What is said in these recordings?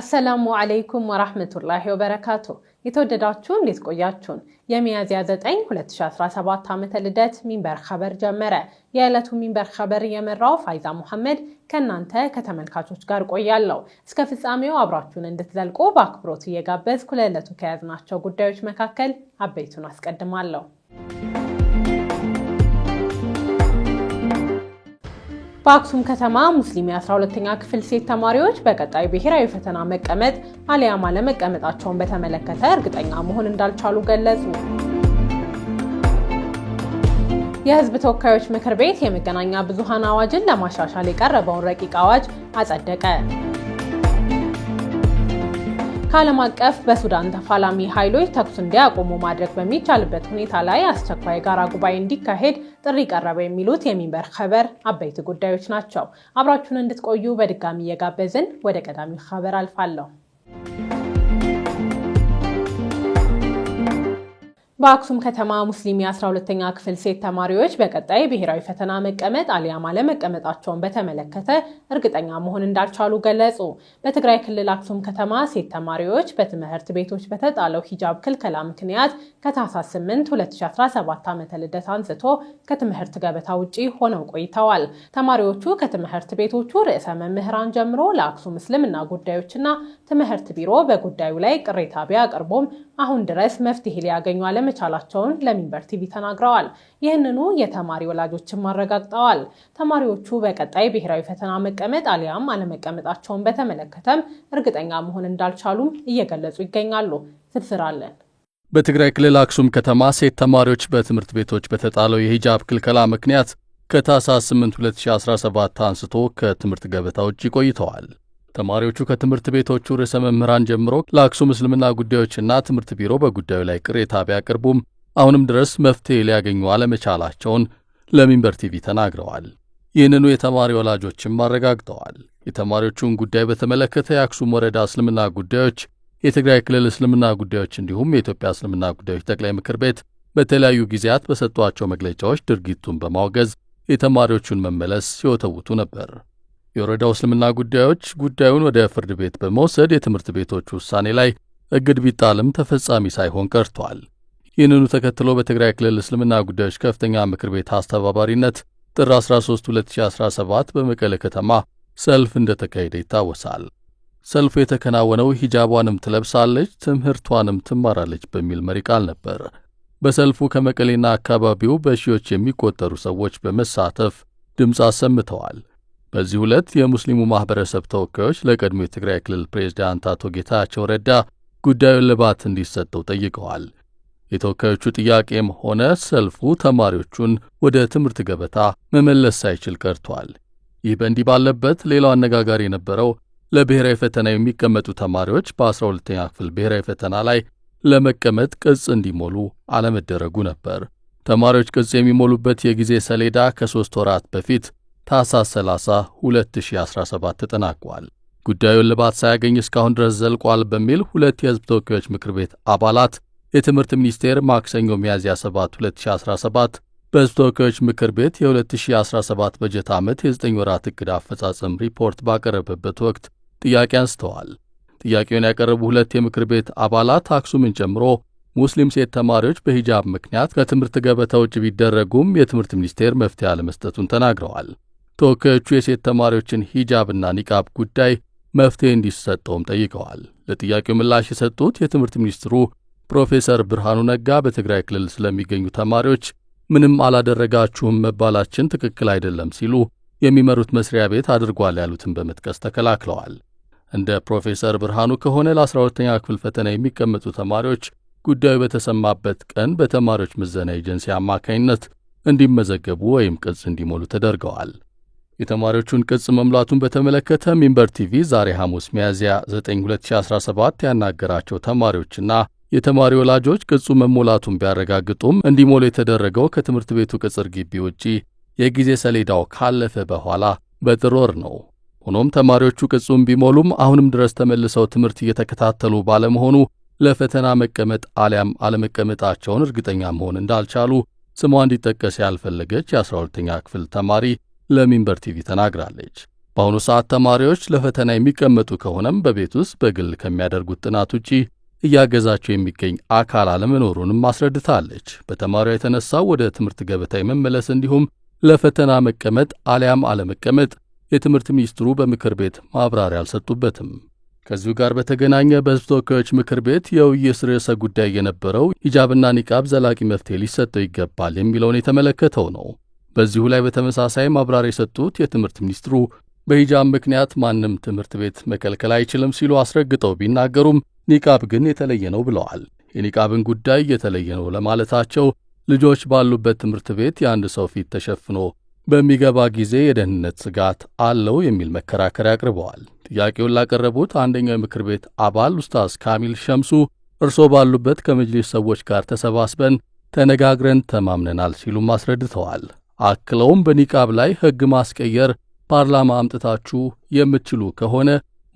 አሰላሙ አለይኩም ወራህመቱላሂ ወበረካቱ። የተወደዳችሁ እንዴት ቆያችሁን? የሚያዝያ 9 2017 ዓመተ ልደት ሚንበር ኸበር ጀመረ። የዕለቱ ሚንበር ኸበር የመራው ፋይዛ ሙሐመድ ከእናንተ ከተመልካቾች ጋር ቆያለሁ። እስከ ፍጻሜው አብራችሁን እንድትዘልቁ በአክብሮት እየጋበዝኩ ለዕለቱ ከያዝናቸው ጉዳዮች መካከል አበይቱን አስቀድማለሁ። በአክሱም ከተማ ሙስሊም የ12ኛ ክፍል ሴት ተማሪዎች በቀጣይ ብሔራዊ ፈተና መቀመጥ አሊያም አለመቀመጣቸውን በተመለከተ እርግጠኛ መሆን እንዳልቻሉ ገለጹ። የሕዝብ ተወካዮች ምክር ቤት የመገናኛ ብዙሃን አዋጅን ለማሻሻል የቀረበውን ረቂቅ አዋጅ አጸደቀ። ከዓለም አቀፍ በሱዳን ተፋላሚ ኃይሎች ተኩስ እንዲያቆሙ ማድረግ በሚቻልበት ሁኔታ ላይ አስቸኳይ ጋራ ጉባኤ እንዲካሄድ ጥሪ ቀረበ የሚሉት የሚንበር ኸበር አበይት ጉዳዮች ናቸው። አብራችሁን እንድትቆዩ በድጋሚ እየጋበዝን ወደ ቀዳሚው ኸበር አልፋለሁ። በአክሱም ከተማ ሙስሊም የ12ኛ ክፍል ሴት ተማሪዎች በቀጣይ ብሔራዊ ፈተና መቀመጥ አሊያም አለመቀመጣቸውን በተመለከተ እርግጠኛ መሆን እንዳልቻሉ ገለጹ። በትግራይ ክልል አክሱም ከተማ ሴት ተማሪዎች በትምህርት ቤቶች በተጣለው ሂጃብ ክልከላ ምክንያት ከታህሳስ 8 2017 ዓመተ ልደት አንስቶ ከትምህርት ገበታ ውጪ ሆነው ቆይተዋል። ተማሪዎቹ ከትምህርት ቤቶቹ ርዕሰ መምህራን ጀምሮ ለአክሱም እስልምና ጉዳዮችና ትምህርት ቢሮ በጉዳዩ ላይ ቅሬታ ቢያቀርቡም አሁን ድረስ መፍትሄ ሊያገኙ አለመቻላቸውን ለሚንበር ቲቪ ተናግረዋል። ይህንኑ የተማሪ ወላጆችም አረጋግጠዋል። ተማሪዎቹ በቀጣይ ብሔራዊ ፈተና መቀመጥ አሊያም አለመቀመጣቸውን በተመለከተም እርግጠኛ መሆን እንዳልቻሉም እየገለጹ ይገኛሉ። ዝርዝር አለን። በትግራይ ክልል አክሱም ከተማ ሴት ተማሪዎች በትምህርት ቤቶች በተጣለው የሂጃብ ክልከላ ምክንያት ከታህሳስ 8 2017 አንስቶ ከትምህርት ገበታ ውጭ ቆይተዋል። ተማሪዎቹ ከትምህርት ቤቶቹ ርዕሰ መምህራን ጀምሮ ለአክሱም እስልምና ጉዳዮችና ትምህርት ቢሮ በጉዳዩ ላይ ቅሬታ ቢያቀርቡም አሁንም ድረስ መፍትሄ ሊያገኙ አለመቻላቸውን ለሚንበር ቲቪ ተናግረዋል። ይህንኑ የተማሪ ወላጆችም አረጋግጠዋል። የተማሪዎቹን ጉዳይ በተመለከተ የአክሱም ወረዳ እስልምና ጉዳዮች፣ የትግራይ ክልል እስልምና ጉዳዮች እንዲሁም የኢትዮጵያ እስልምና ጉዳዮች ጠቅላይ ምክር ቤት በተለያዩ ጊዜያት በሰጧቸው መግለጫዎች ድርጊቱን በማውገዝ የተማሪዎቹን መመለስ ሲወተውቱ ነበር። የወረዳው እስልምና ጉዳዮች ጉዳዩን ወደ ፍርድ ቤት በመውሰድ የትምህርት ቤቶች ውሳኔ ላይ እግድ ቢጣልም ተፈጻሚ ሳይሆን ቀርቷል። ይህንኑ ተከትሎ በትግራይ ክልል እስልምና ጉዳዮች ከፍተኛ ምክር ቤት አስተባባሪነት ጥር 13 2017 በመቀለ ከተማ ሰልፍ እንደተካሄደ ይታወሳል። ሰልፉ የተከናወነው ሂጃቧንም ትለብሳለች ትምህርቷንም ትማራለች በሚል መሪ ቃል ነበር። በሰልፉ ከመቀሌና አካባቢው በሺዎች የሚቆጠሩ ሰዎች በመሳተፍ ድምፅ አሰምተዋል። በዚህ ሁለት የሙስሊሙ ማኅበረሰብ ተወካዮች ለቀድሞ የትግራይ ክልል ፕሬዝዳንት አቶ ጌታቸው ረዳ ጉዳዩን ልባት እንዲሰጠው ጠይቀዋል። የተወካዮቹ ጥያቄም ሆነ ሰልፉ ተማሪዎቹን ወደ ትምህርት ገበታ መመለስ ሳይችል ቀርቷል። ይህ በእንዲህ ባለበት ሌላው አነጋጋሪ የነበረው ለብሔራዊ ፈተና የሚቀመጡ ተማሪዎች በ12ኛ ክፍል ብሔራዊ ፈተና ላይ ለመቀመጥ ቅጽ እንዲሞሉ አለመደረጉ ነበር። ተማሪዎች ቅጽ የሚሞሉበት የጊዜ ሰሌዳ ከሦስት ወራት በፊት ታህሳስ 30 2017 ተጠናቋል። ጉዳዩ እልባት ሳያገኝ እስካሁን ድረስ ዘልቋል በሚል ሁለት የህዝብ ተወካዮች ምክር ቤት አባላት የትምህርት ሚኒስቴር ማክሰኞ ሚያዝያ 7 2017 በህዝብ ተወካዮች ምክር ቤት የ2017 በጀት ዓመት የ9 ወራት እቅድ አፈጻጸም ሪፖርት ባቀረበበት ወቅት ጥያቄ አንስተዋል። ጥያቄውን ያቀረቡ ሁለት የምክር ቤት አባላት አክሱምን ጨምሮ ሙስሊም ሴት ተማሪዎች በሂጃብ ምክንያት ከትምህርት ገበታ ውጭ ቢደረጉም የትምህርት ሚኒስቴር መፍትሄ አለመስጠቱን ተናግረዋል። ተወካዮቹ የሴት ተማሪዎችን ሂጃብና ኒቃብ ጉዳይ መፍትሄ እንዲሰጠውም ጠይቀዋል። ለጥያቄው ምላሽ የሰጡት የትምህርት ሚኒስትሩ ፕሮፌሰር ብርሃኑ ነጋ በትግራይ ክልል ስለሚገኙ ተማሪዎች ምንም አላደረጋችሁም መባላችን ትክክል አይደለም ሲሉ የሚመሩት መስሪያ ቤት አድርጓል ያሉትን በመጥቀስ ተከላክለዋል። እንደ ፕሮፌሰር ብርሃኑ ከሆነ ለ12ተኛ ክፍል ፈተና የሚቀመጡ ተማሪዎች ጉዳዩ በተሰማበት ቀን በተማሪዎች ምዘና ኤጀንሲ አማካኝነት እንዲመዘገቡ ወይም ቅጽ እንዲሞሉ ተደርገዋል። የተማሪዎቹን ቅጽ መሙላቱን በተመለከተ ሚንበር ቲቪ ዛሬ ሐሙስ ሚያዝያ 9 2017 ያናገራቸው ተማሪዎችና የተማሪ ወላጆች ቅጹ መሞላቱን ቢያረጋግጡም እንዲሞሉ የተደረገው ከትምህርት ቤቱ ቅጽር ግቢ ውጪ የጊዜ ሰሌዳው ካለፈ በኋላ በጥር ወር ነው። ሆኖም ተማሪዎቹ ቅጹን ቢሞሉም አሁንም ድረስ ተመልሰው ትምህርት እየተከታተሉ ባለመሆኑ ለፈተና መቀመጥ አሊያም አለመቀመጣቸውን እርግጠኛ መሆን እንዳልቻሉ ስሟ እንዲጠቀስ ያልፈለገች የ12ኛ ክፍል ተማሪ ለሚንበር ቲቪ ተናግራለች። በአሁኑ ሰዓት ተማሪዎች ለፈተና የሚቀመጡ ከሆነም በቤት ውስጥ በግል ከሚያደርጉት ጥናት ውጪ እያገዛቸው የሚገኝ አካል አለመኖሩንም አስረድታለች። በተማሪዋ የተነሳው ወደ ትምህርት ገበታ የመመለስ እንዲሁም ለፈተና መቀመጥ አሊያም አለመቀመጥ የትምህርት ሚኒስትሩ በምክር ቤት ማብራሪያ አልሰጡበትም። ከዚሁ ጋር በተገናኘ በሕዝብ ተወካዮች ምክር ቤት የውይይት ርዕሰ ጉዳይ የነበረው ሂጃብና ኒቃብ ዘላቂ መፍትሄ ሊሰጠው ይገባል የሚለውን የተመለከተው ነው። በዚሁ ላይ በተመሳሳይ ማብራሪያ የሰጡት የትምህርት ሚኒስትሩ በሂጃብ ምክንያት ማንም ትምህርት ቤት መከልከል አይችልም ሲሉ አስረግጠው ቢናገሩም ኒቃብ ግን የተለየ ነው ብለዋል። የኒቃብን ጉዳይ የተለየ ነው ለማለታቸው ልጆች ባሉበት ትምህርት ቤት የአንድ ሰው ፊት ተሸፍኖ በሚገባ ጊዜ የደህንነት ስጋት አለው የሚል መከራከሪያ አቅርበዋል። ጥያቄውን ላቀረቡት አንደኛው የምክር ቤት አባል ኡስታዝ ካሚል ሸምሱ እርሶ ባሉበት ከመጅሊስ ሰዎች ጋር ተሰባስበን ተነጋግረን ተማምነናል ሲሉም አስረድተዋል። አክለውም በኒቃብ ላይ ሕግ ማስቀየር ፓርላማ አምጥታችሁ የምትችሉ ከሆነ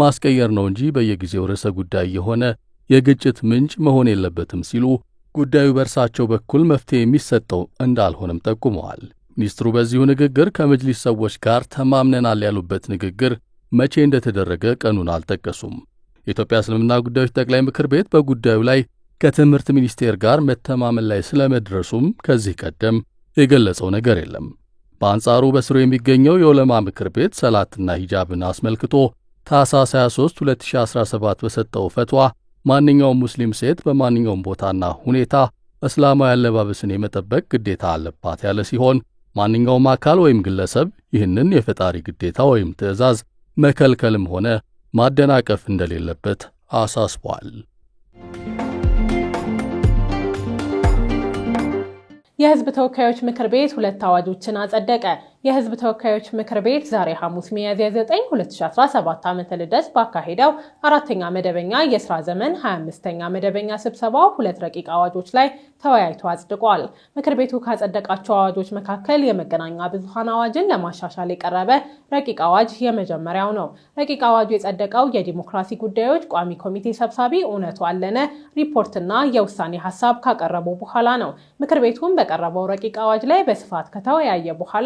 ማስቀየር ነው እንጂ በየጊዜው ርዕሰ ጉዳይ የሆነ የግጭት ምንጭ መሆን የለበትም ሲሉ ጉዳዩ በእርሳቸው በኩል መፍትሄ የሚሰጠው እንዳልሆነም ጠቁመዋል። ሚኒስትሩ በዚሁ ንግግር ከመጅሊስ ሰዎች ጋር ተማምነናል ያሉበት ንግግር መቼ እንደተደረገ ቀኑን አልጠቀሱም። የኢትዮጵያ እስልምና ጉዳዮች ጠቅላይ ምክር ቤት በጉዳዩ ላይ ከትምህርት ሚኒስቴር ጋር መተማመን ላይ ስለመድረሱም ከዚህ ቀደም የገለጸው ነገር የለም። በአንጻሩ በስሩ የሚገኘው የዑለማ ምክር ቤት ሰላትና ሂጃብን አስመልክቶ ታኅሳስ 23 2017 በሰጠው ፈትዋ ማንኛውም ሙስሊም ሴት በማንኛውም ቦታና ሁኔታ እስላማዊ አለባበስን የመጠበቅ ግዴታ አለባት ያለ ሲሆን ማንኛውም አካል ወይም ግለሰብ ይህንን የፈጣሪ ግዴታ ወይም ትዕዛዝ መከልከልም ሆነ ማደናቀፍ እንደሌለበት አሳስቧል። የህዝብ ተወካዮች ምክር ቤት ሁለት አዋጆችን አጸደቀ። የህዝብ ተወካዮች ምክር ቤት ዛሬ ሐሙስ ሚያዝያ 9 2017 ዓመተ ልደት ባካሄደው አራተኛ መደበኛ የስራ ዘመን 25ኛ መደበኛ ስብሰባው ሁለት ረቂቅ አዋጆች ላይ ተወያይቶ አጽድቋል። ምክር ቤቱ ካጸደቃቸው አዋጆች መካከል የመገናኛ ብዙሃን አዋጅን ለማሻሻል የቀረበ ረቂቅ አዋጅ የመጀመሪያው ነው። ረቂቅ አዋጁ የጸደቀው የዲሞክራሲ ጉዳዮች ቋሚ ኮሚቴ ሰብሳቢ እውነቱ አለነ ሪፖርትና የውሳኔ ሀሳብ ካቀረቡ በኋላ ነው። ምክር ቤቱም በቀረበው ረቂቅ አዋጅ ላይ በስፋት ከተወያየ በኋላ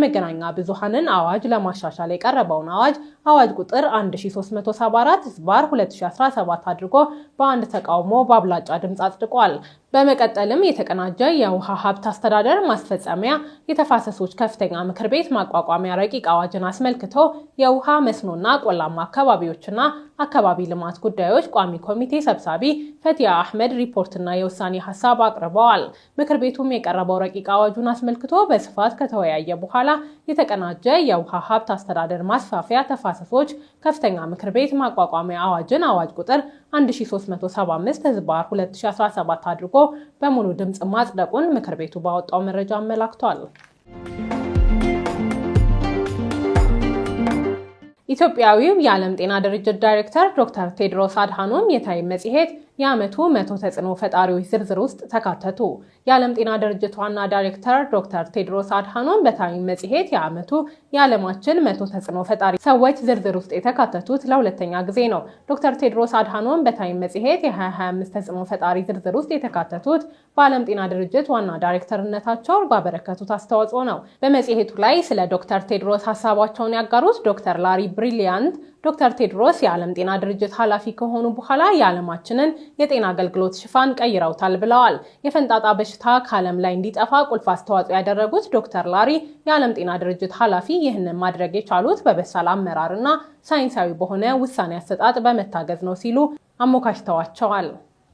የመገናኛ ብዙሃንን አዋጅ ለማሻሻል የቀረበውን አዋጅ አዋጅ ቁጥር 1374 ህዝባር 2017 አድርጎ በአንድ ተቃውሞ በአብላጫ ድምፅ አጽድቋል። በመቀጠልም የተቀናጀ የውሃ ሀብት አስተዳደር ማስፈጸሚያ የተፋሰሶች ከፍተኛ ምክር ቤት ማቋቋሚያ ረቂቅ አዋጅን አስመልክቶ የውሃ መስኖና ቆላማ አካባቢዎችና አካባቢ ልማት ጉዳዮች ቋሚ ኮሚቴ ሰብሳቢ ፈቲያ አህመድ ሪፖርትና የውሳኔ ሀሳብ አቅርበዋል። ምክር ቤቱም የቀረበው ረቂቅ አዋጁን አስመልክቶ በስፋት ከተወያየ በኋላ የተቀናጀ የውሃ ሀብት አስተዳደር ማስፋፊያ ተፋሰሶች ከፍተኛ ምክር ቤት ማቋቋሚያ አዋጅን አዋጅ ቁጥር 1375 ህዝባር 2017 አድርጎ በሙሉ ድምፅ ማጽደቁን ምክር ቤቱ ባወጣው መረጃ አመላክቷል። ኢትዮጵያዊው የዓለም ጤና ድርጅት ዳይሬክተር ዶክተር ቴድሮስ አድሃኖም የታይም መጽሔት የዓመቱ መቶ ተጽዕኖ ፈጣሪዎች ዝርዝር ውስጥ ተካተቱ። የዓለም ጤና ድርጅት ዋና ዳይሬክተር ዶክተር ቴድሮስ አድሃኖም በታይም መጽሔት የዓመቱ የዓለማችን መቶ ተጽዕኖ ፈጣሪ ሰዎች ዝርዝር ውስጥ የተካተቱት ለሁለተኛ ጊዜ ነው። ዶክተር ቴድሮስ አድሃኖም በታይም መጽሔት የ2025 ተጽዕኖ ፈጣሪ ዝርዝር ውስጥ የተካተቱት በዓለም ጤና ድርጅት ዋና ዳይሬክተርነታቸው ባበረከቱት አስተዋጽኦ ነው። በመጽሔቱ ላይ ስለ ዶክተር ቴድሮስ ሀሳባቸውን ያጋሩት ዶክተር ላሪ ብሪሊያንት ዶክተር ቴድሮስ የዓለም ጤና ድርጅት ኃላፊ ከሆኑ በኋላ የዓለማችንን የጤና አገልግሎት ሽፋን ቀይረውታል ብለዋል። የፈንጣጣ በሽታ ከዓለም ላይ እንዲጠፋ ቁልፍ አስተዋጽኦ ያደረጉት ዶክተር ላሪ የዓለም ጤና ድርጅት ኃላፊ ይህንን ማድረግ የቻሉት በበሳል አመራርና ሳይንሳዊ በሆነ ውሳኔ አሰጣጥ በመታገዝ ነው ሲሉ አሞካሽተዋቸዋል።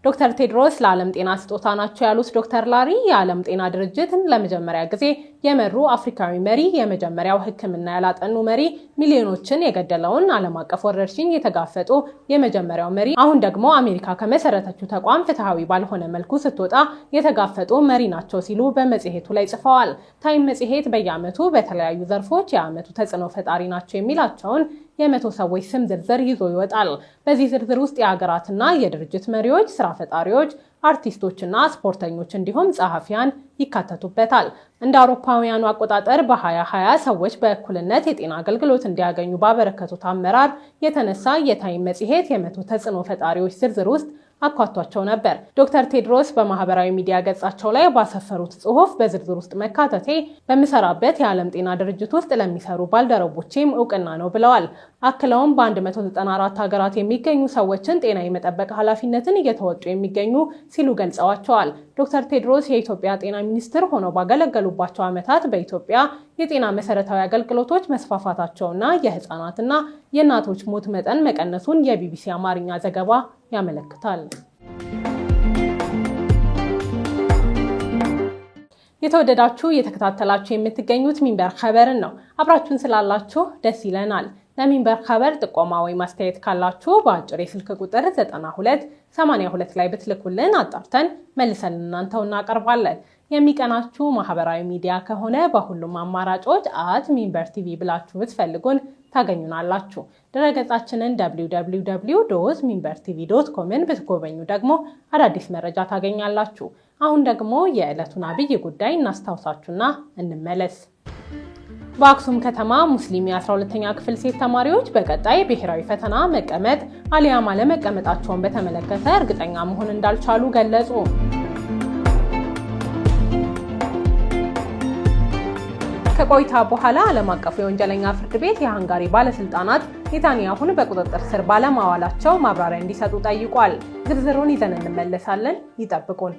ዶክተር ቴድሮስ ለዓለም ጤና ስጦታ ናቸው ያሉት ዶክተር ላሪ የዓለም ጤና ድርጅትን ለመጀመሪያ ጊዜ የመሩ አፍሪካዊ መሪ፣ የመጀመሪያው ሕክምና ያላጠኑ መሪ፣ ሚሊዮኖችን የገደለውን ዓለም አቀፍ ወረርሽኝ የተጋፈጡ የመጀመሪያው መሪ፣ አሁን ደግሞ አሜሪካ ከመሰረተችው ተቋም ፍትሐዊ ባልሆነ መልኩ ስትወጣ የተጋፈጡ መሪ ናቸው ሲሉ በመጽሔቱ ላይ ጽፈዋል። ታይም መጽሔት በየዓመቱ በተለያዩ ዘርፎች የዓመቱ ተጽዕኖ ፈጣሪ ናቸው የሚላቸውን የመቶ ሰዎች ስም ዝርዝር ይዞ ይወጣል። በዚህ ዝርዝር ውስጥ የሀገራትና የድርጅት መሪዎች፣ ስራ ፈጣሪዎች፣ አርቲስቶችና ስፖርተኞች እንዲሁም ጸሐፊያን ይካተቱበታል። እንደ አውሮፓውያኑ አቆጣጠር በ2020 ሰዎች በእኩልነት የጤና አገልግሎት እንዲያገኙ ባበረከቱት አመራር የተነሳ የታይም መጽሔት የመቶ ተጽዕኖ ፈጣሪዎች ዝርዝር ውስጥ አኳቷቸው ነበር። ዶክተር ቴድሮስ በማህበራዊ ሚዲያ ገጻቸው ላይ ባሰፈሩት ጽሁፍ በዝርዝር ውስጥ መካተቴ በምሰራበት የዓለም ጤና ድርጅት ውስጥ ለሚሰሩ ባልደረቦቼም እውቅና ነው ብለዋል። አክለውም በ194 ሀገራት የሚገኙ ሰዎችን ጤና የመጠበቅ ኃላፊነትን እየተወጡ የሚገኙ ሲሉ ገልጸዋቸዋል። ዶክተር ቴድሮስ የኢትዮጵያ ጤና ሚኒስትር ሆነው ባገለገሉባቸው ዓመታት በኢትዮጵያ የጤና መሰረታዊ አገልግሎቶች መስፋፋታቸውና የህፃናትና የእናቶች ሞት መጠን መቀነሱን የቢቢሲ አማርኛ ዘገባ ያመለክታል። የተወደዳችሁ እየተከታተላችሁ የምትገኙት ሚንበር ኸበርን ነው። አብራችሁን ስላላችሁ ደስ ይለናል። ለሚንበር ኸበር ጥቆማ ወይም አስተያየት ካላችሁ በአጭር የስልክ ቁጥር 92 82 ላይ ብትልኩልን አጣርተን መልሰን እናንተው እናቀርባለን። የሚቀናችሁ ማህበራዊ ሚዲያ ከሆነ በሁሉም አማራጮች አት ሚንበር ቲቪ ብላችሁ ብትፈልጉን ታገኙናላችሁ። ድረገጻችንን www ዶዝ ሚንበር ቲቪ ዶት ኮምን ብትጎበኙ ደግሞ አዳዲስ መረጃ ታገኛላችሁ። አሁን ደግሞ የዕለቱን አብይ ጉዳይ እናስታውሳችሁና እንመለስ። በአክሱም ከተማ ሙስሊም የ12ኛ ክፍል ሴት ተማሪዎች በቀጣይ ብሔራዊ ፈተና መቀመጥ አሊያም አለመቀመጣቸውን በተመለከተ እርግጠኛ መሆን እንዳልቻሉ ገለጹ። ከቆይታ በኋላ ዓለም አቀፉ የወንጀለኛ ፍርድ ቤት የሃንጋሪ ባለስልጣናት ኔታንያሁን በቁጥጥር ስር ባለማዋላቸው ማብራሪያ እንዲሰጡ ጠይቋል። ዝርዝሩን ይዘን እንመለሳለን፣ ይጠብቁን።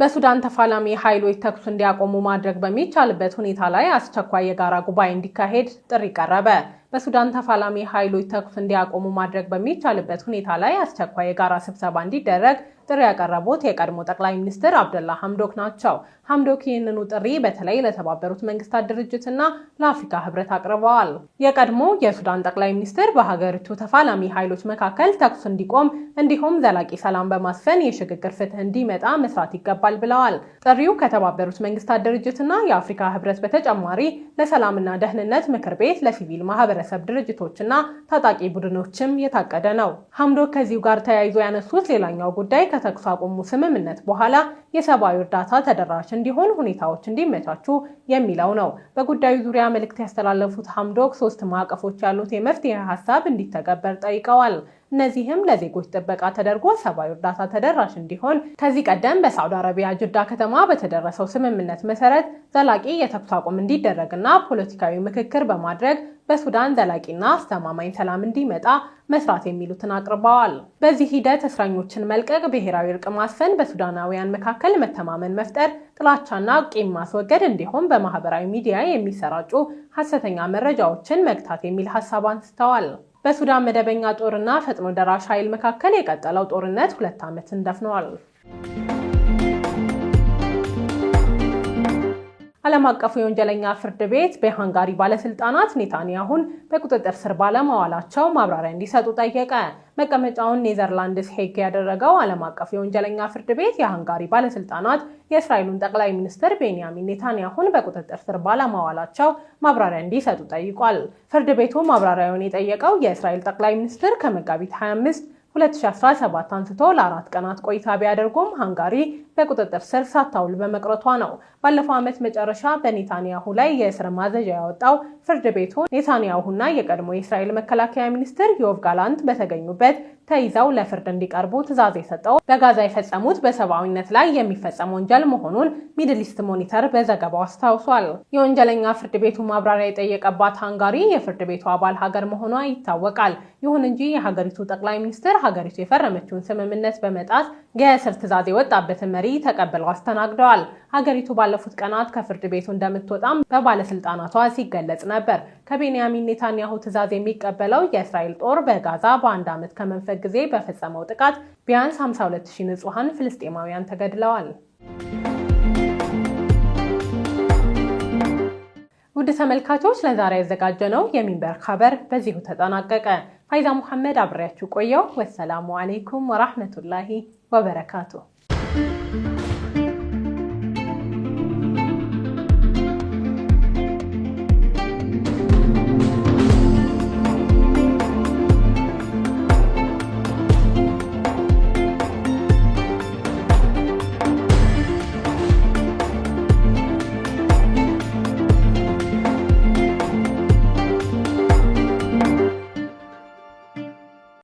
በሱዳን ተፋላሚ ኃይሎች ተኩስ እንዲያቆሙ ማድረግ በሚቻልበት ሁኔታ ላይ አስቸኳይ የጋራ ጉባኤ እንዲካሄድ ጥሪ ቀረበ። በሱዳን ተፋላሚ ኃይሎች ተኩስ እንዲያቆሙ ማድረግ በሚቻልበት ሁኔታ ላይ አስቸኳይ የጋራ ስብሰባ እንዲደረግ ጥሪ ያቀረቡት የቀድሞ ጠቅላይ ሚኒስትር አብደላ ሐምዶክ ናቸው። ሐምዶክ ይህንኑ ጥሪ በተለይ ለተባበሩት መንግስታት ድርጅትና ለአፍሪካ ህብረት አቅርበዋል። የቀድሞ የሱዳን ጠቅላይ ሚኒስትር በሀገሪቱ ተፋላሚ ኃይሎች መካከል ተኩስ እንዲቆም እንዲሁም ዘላቂ ሰላም በማስፈን የሽግግር ፍትህ እንዲመጣ መስራት ይገባል ብለዋል። ጥሪው ከተባበሩት መንግስታት ድርጅትና የአፍሪካ ህብረት በተጨማሪ ለሰላምና ደህንነት ምክር ቤት፣ ለሲቪል ማህበረሰብ ድርጅቶችና ታጣቂ ቡድኖችም የታቀደ ነው። ሐምዶክ ከዚሁ ጋር ተያይዞ ያነሱት ሌላኛው ጉዳይ ከተኩስ አቁሙ ስምምነት በኋላ የሰብአዊ እርዳታ ተደራሽ እንዲሆን ሁኔታዎች እንዲመቻቹ የሚለው ነው። በጉዳዩ ዙሪያ መልእክት ያስተላለፉት ሀምዶክ ሶስት ማዕቀፎች ያሉት የመፍትሄ ሀሳብ እንዲተገበር ጠይቀዋል። እነዚህም ለዜጎች ጥበቃ ተደርጎ ሰብአዊ እርዳታ ተደራሽ እንዲሆን ከዚህ ቀደም በሳውዲ አረቢያ ጅዳ ከተማ በተደረሰው ስምምነት መሰረት ዘላቂ የተኩስ አቁም እንዲደረግና ፖለቲካዊ ምክክር በማድረግ በሱዳን ዘላቂና አስተማማኝ ሰላም እንዲመጣ መስራት የሚሉትን አቅርበዋል። በዚህ ሂደት እስረኞችን መልቀቅ፣ ብሔራዊ እርቅ ማስፈን፣ በሱዳናውያን መካከል መተማመን መፍጠር፣ ጥላቻና ቂም ማስወገድ እንዲሁም በማህበራዊ ሚዲያ የሚሰራጩ ሀሰተኛ መረጃዎችን መግታት የሚል ሀሳብ አንስተዋል። በሱዳን መደበኛ ጦርና ፈጥኖ ደራሽ ኃይል መካከል የቀጠለው ጦርነት ሁለት ዓመትን ደፍኗል። ዓለም አቀፉ የወንጀለኛ ፍርድ ቤት በሃንጋሪ ባለስልጣናት ኔታንያሁን በቁጥጥር ስር ባለማዋላቸው ማብራሪያ እንዲሰጡ ጠየቀ። መቀመጫውን ኔዘርላንድስ ሄግ ያደረገው ዓለም አቀፍ የወንጀለኛ ፍርድ ቤት የሃንጋሪ ባለስልጣናት የእስራኤሉን ጠቅላይ ሚኒስትር ቤንያሚን ኔታንያሁን በቁጥጥር ስር ባለማዋላቸው ማብራሪያ እንዲሰጡ ጠይቋል። ፍርድ ቤቱ ማብራሪያውን የጠየቀው የእስራኤል ጠቅላይ ሚኒስትር ከመጋቢት 25 2017 አንስቶ ለአራት ቀናት ቆይታ ቢያደርጉም ሃንጋሪ በቁጥጥር ስር ሳታውል በመቅረቷ ነው። ባለፈው ዓመት መጨረሻ በኔታንያሁ ላይ የእስር ማዘዣ ያወጣው ፍርድ ቤቱ ኔታንያሁና የቀድሞ የእስራኤል መከላከያ ሚኒስትር ዮቭ ጋላንት በተገኙበት ተይዘው ለፍርድ እንዲቀርቡ ትዕዛዝ የሰጠው በጋዛ የፈጸሙት በሰብአዊነት ላይ የሚፈጸም ወንጀል መሆኑን ሚድሊስት ሞኒተር በዘገባው አስታውሷል። የወንጀለኛ ፍርድ ቤቱ ማብራሪያ የጠየቀባት ሃንጋሪ የፍርድ ቤቱ አባል ሀገር መሆኗ ይታወቃል። ይሁን እንጂ የሀገሪቱ ጠቅላይ ሚኒስትር ሀገሪቱ የፈረመችውን ስምምነት በመጣት ። የእስር ትዕዛዝ የወጣበትን መሪ ተቀብለው አስተናግደዋል። ሀገሪቱ ባለፉት ቀናት ከፍርድ ቤቱ እንደምትወጣም በባለስልጣናቷ ሲገለጽ ነበር። ከቤንያሚን ኔታንያሁ ትዕዛዝ የሚቀበለው የእስራኤል ጦር በጋዛ በአንድ ዓመት ከመንፈቅ ጊዜ በፈጸመው ጥቃት ቢያንስ 52 ሺህ ንጹሐን ፍልስጤማውያን ተገድለዋል። ውድ ተመልካቾች ለዛሬ ያዘጋጀነው የሚንበር ካበር በዚሁ ተጠናቀቀ። ፋይዛ ሙሐመድ አብሬያችሁ ቆየው። ወሰላሙ አሌይኩም ወራህመቱላሂ ወበረካቱ